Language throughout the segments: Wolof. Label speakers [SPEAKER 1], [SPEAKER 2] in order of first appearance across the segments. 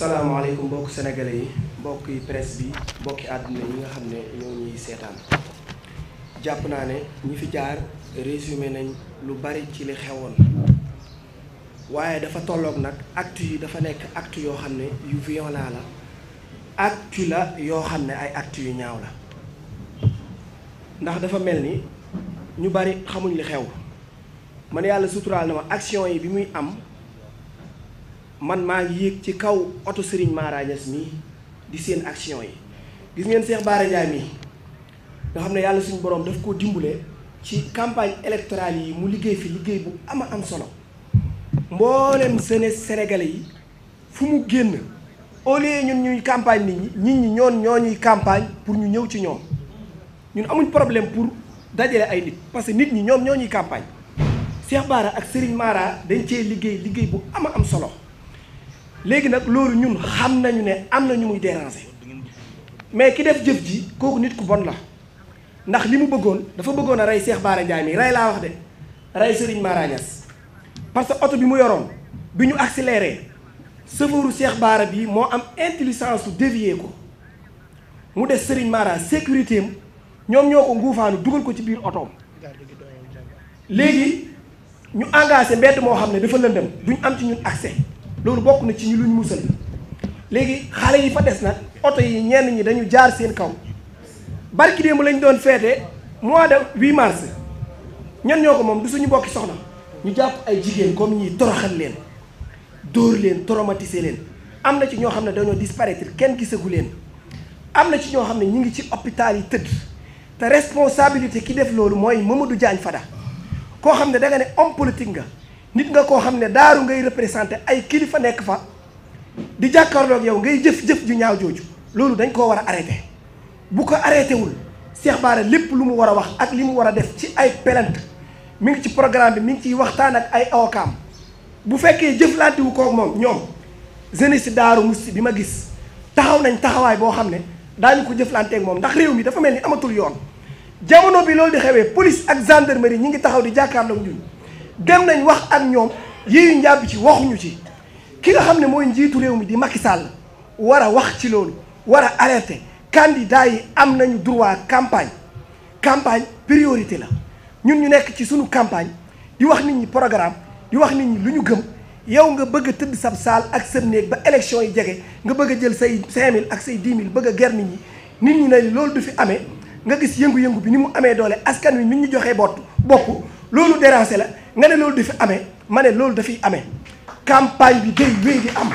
[SPEAKER 1] salaamaaleykum mbokk sénégalais yi mbokki presse bi mbokki àdduna yi nga xam ne ñoo ñuy seetaan jàpp naa ne ñi fi jaar résumé nañ lu bari ci li xewoon waaye dafa tolloog nag acte yi dafa nekk acte yoo xam ne yu naa la acte la yoo xam ne ay acte yu ñaaw la ndax dafa mel ni ñu bari xamuñ li xew man yàlla suturaal na ma action yi bi muy am man maa ngi yéeg ci kaw oto Serigne Mara Niass mi di seen action yi gis ngeen Cheikh Bara Ndiaye mi nga xam ne yàlla suñu borom daf koo dimbale ci campagne électorale yi mu liggéey fi liggéey bu ama am solo mboolem sene Sénégalais yi fu mu génn au ñun ñuy campagne nit ñi nit ñi ñoon ñoo ñuy campagne pour ñu ñëw ci ñoom ñun amuñ problème pour dajale ay nit parce que nit ñi ñoom ñoo ñuy campagne Cheikh Bara ak Serigne Mara dañ cee liggéey liggéey bu am a am solo. léegi nag loolu ñun xam nañu ne am na ñu muy déranger mais ki def jëf ji kooku nit ku bon la ndax li mu bëggoon dafa bëggoon rey seex Bara Ndiaye mi rey laa wax de rey Serigne Mara Niass parce que oto bi mu yoroon bi ñu accéléré sëfëru Cheikh Bara bi moo am intelligence su dévier ko mu des Serigne Mara sécurité ñoom ñoo ko nguufaanu dugal ko ci biir otoom léegi ñu engagé mbedd moo xam ne dafa lëndëm duñ am ci ñun accès. loolu bokk na ci ñu luñ musal léegi xale yi fa des nag oto yi ñenn ñi dañu jaar seen kaw barki démb lañ doon feete mois de huit mars ñan ñoo ko moom du suñu bokki soxna ñu jàpp ay jigéen comme ñii toroxal leen dóor leen traumatisé leen am na ci ñoo xam ne dañoo disparaître kenn gisagu leen am na ci ñoo xam ne ñu ngi ci hôpital yi tëdd te responsabilité ki def loolu mooy Mamadou jaañ Fada koo xam ne da nga ne homme politique nga nit nga koo xam ne daaru ngay représenté ay kilifa nekk fa di jàkkaarloog yow ngay jëf-jëf ju ñaaw jooju loolu dañ koo war a arrêté bu ko arrêté wul Cheikh lépp lu mu war a wax ak li mu war a def ci ay plainte mu ngi ci programme bi mi ngi ciy waxtaan ak ay awokaam bu fekkee jëflante wu koog moom ñoom jeunesse daaru musti bi ma gis taxaw nañ taxawaay boo xam ne daañu ko jëflanteeg moom ndax réew mi dafa mel ni amatul yoon jamono bi loolu di xewee police ak gendarmerie ñi ngi taxaw di jàkkaarloog ñun dem nañ wax ak ñoom yiyu njàpp ci waxuñu ci ki nga xam ne mooy njiitu réew mi di Macky Sall war a wax ci loolu war a alerté candidat yi am nañu droit campagne campagne priorité la ñun ñu nekk ci suñu campagne di wax nit ñi programme di wax nit ñi lu ñu gëm yow nga bëgg a tëdd sab saal ak sa néeg ba élection yi jege nga bëgg a jël say 5000 ak say 10 000 bëgg a ger nit ñi nit ñi ne loolu du fi amee nga gis yëngu-yëngu bi ni mu amee doole askan wi nit ñu joxee bott bopp loolu déranger la nga ne loolu dafi amee ma ne loolu dafay ame campagne bi day wéy di am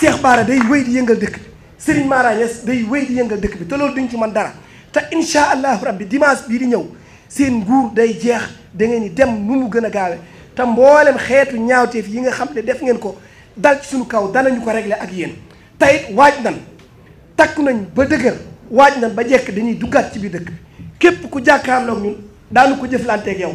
[SPEAKER 1] Cheikh Bara day wéy di yëngal dëkk bi Serigne Mara Niass day wéy di yëngal dëkk bi te loolu duñ ci man dara te incha allahu rabbi dimanche bii di ñëw seen nguur day jeex da ngeen di dem nu mu gën a gaawe te mboolem xeetu ñaawteef yi nga xam ne def ngeen ko dal ci suñu kaw danañu ko régler ak yéen tey waaj nan takku nañ ba dëgër waaj nan ba jekk dañuy duggaat ci biir dëkk bi képp ku jàkkaarloog ñun daanu ko jëflanteeg yow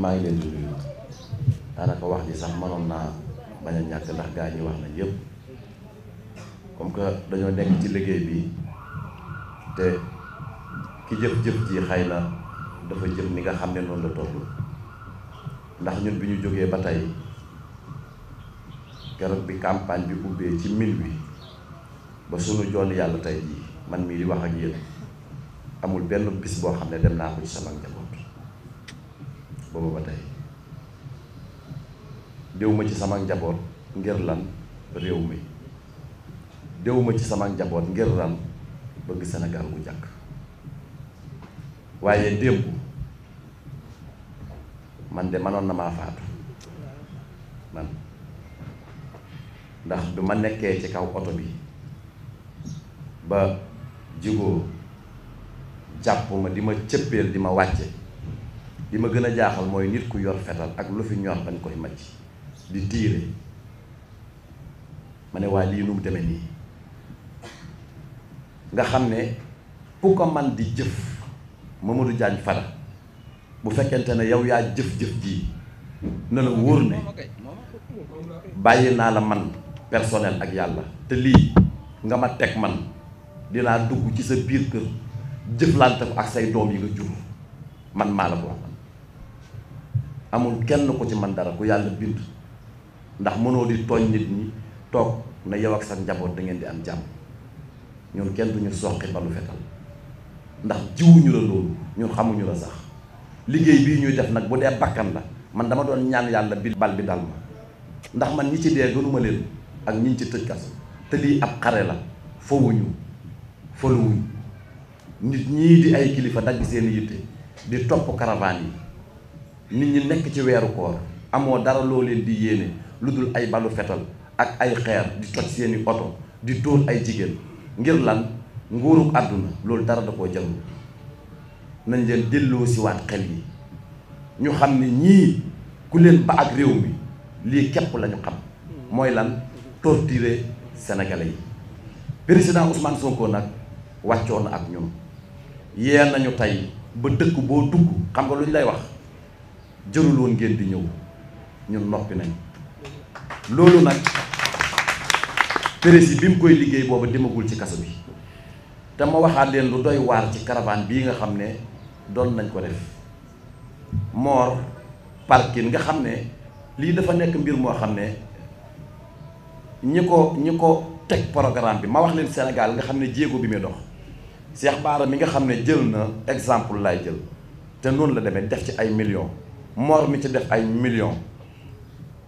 [SPEAKER 2] maa ngi leen di nuyu daanaka wax ji sax mënoon naa bañ a ñàkk ndax gaa ñi wax nañ yëpp comme que dañoo nekk ci liggéey bi te ki jëf-jëf ji xëy na dafa jëf ni nga xam ne noonu la toll ndax ñun bi ñu jógee ba tey keroog bi campagne bi ubbee ci mil bi ba sunu joon yàlla tey jii man mii di wax ak yéen amul benn bis boo xam ne dem naa ko ci sama njaboot Bawa batay tey déwuma ci sama njaboot ngir lan réew mi déwuma ci sama njaboot ngir lan bëgg senegal mu jakk waye demb man de manon na ma faatu man ndax bi ma ci kaw auto bi ba jigo jappuma dima di dima wacce bi ma gën a jaaxal mooy nit ku yor fetal ak lu fi ñor dañ koy màcc di tiire ma ne waaye lii nu mu demee nii nga xam ne ku ko man di jëf Mamadou Diagne Fada bu fekkente ne yow yaa jëf-jëf ji na la wóor ne bàyyi naa la man personnel ak yàlla te lii nga ma teg man dinaa dugg ci sa biir kër jëflante ak say doom yi nga jur man maa la ko amul kenn ko ci man dara ku yàlla bind ndax mënoo di tooñ nit ñi toog na yow ak sa njaboot da ngeen di am jàmm ñun kenn du ñu soqi balu fetal ndax jiwuñu la loolu ñun xamuñu la sax liggéey bii ñuy def nag bu dee bakkan la man dama doon ñaan yàlla bi bal bi dal ma ndax man ñi ci dee gënuma leen ak ñi ci tëj kaso te lii ab xare la fowuñu foluwuñ nit ñii di ay kilifa dagg seen yitte di topp caravane yi nit ñi nekk ci weeru koor amoo dara loo leen di yéene lu dul ay balu fetal ak ay xeer di toj seeni oto di tóor ay jigéen ngir lan nguurub àdduna loolu dara da koo jarul nañ leen delloo siwaat xel yi ñu xam ne ñii ku leen ba ak réew mi lii képp lañu xam mooy lan torturer sénégalais yi président Ousmane Sonko nag wàccoon na ak ñun yee nañu tey ba dëkk boo dugg xam nga lu ñu lay wax jërul woon ngeen di ñëw ñun noppi nañ loolu nag Peres bi mu koy liggéey booba demagul ci kaso bi te ma waxaat leen lu doy waar ci caravane bii nga xam ne doon nañ ko def Mor parking nga xam ne lii dafa nekk mbir moo xam ne ñi ko ñi ko teg programme bi ma wax leen Sénégal nga xam ne jéego bi muy dox Cheikh Bara mi nga xam ne jël na exemple laay jël te noonu la demee def ci ay million Mor mi ci def ay millions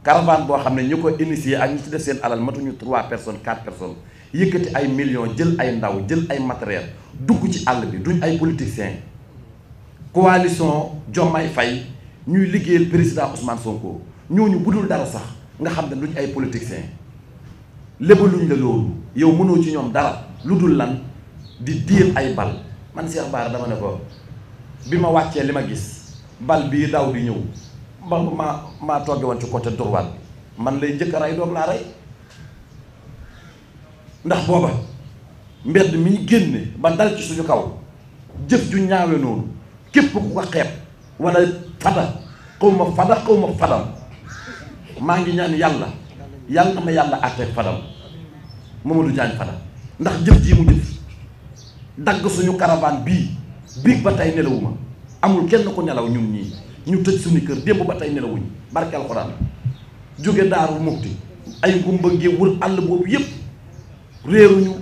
[SPEAKER 2] caravane boo xam ne ñu ko initié ak ñi ci def seen alal matuñu trois personnes quatre personnes yëkkati ay millions jël ay ndaw jël ay matériel dugg ci àll bi duñ ay politiciens coalition jommaay Faye ñuy liggéeyal président Ousmane Sonko ñooñu bu dul dara sax nga xam ne duñ ay politiciens lébaluñ la loolu yow mënoo ci ñoom dara lu dul lan di diir ay bal man Cheikh Bara dama ne ko bi ma wàccee li ma gis. bal bii daaw di ñëw ma maa maa togge woon ci côté droite bi man lay njëkk ay rey laa rey ndax booba mbedd mi ñu génne ba dal ci suñu kaw jëf ju ñaawe noonu képp ku ko xeeb wala fada xaw ma fada xaw ma fadam maa ngi ñaan yàlla yàlla na ma yàlla àtteeg fadam Mamadou Diagne fada ndax jëf jii mu jëf dagg suñu caravane bii biig ba tey nelawuma amul kenn ku nelaw ñun ñii ñu tëj suñu kër démb ba tey nelawuñ barke alxuraan jóge daaru mukti ay gumba ngi wër àll boobu yépp réeruñu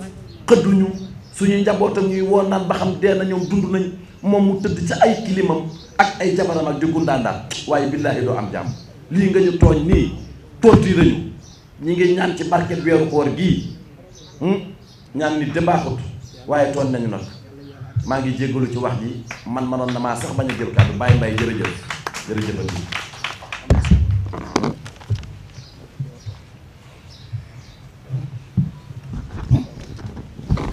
[SPEAKER 2] xëdduñu suñuy njabootam ñuy woon naan ba xam dee na ñoom dund nañ moom mu tëdd ci ay kilimam ak ay jabaram ak di gundaandaan waaye billaahi doo am jàmm lii nga ñu tooñ nii torture ñu ñi ngi ñaan ci barket weeru koor gii hmm? ñaan nit de waaye tooñ nañu nag maa ngi jéggalu ci wax ji man manoon na maa sax bañ a jël kàddu bàyyi mbay jërëjëf jërëjëf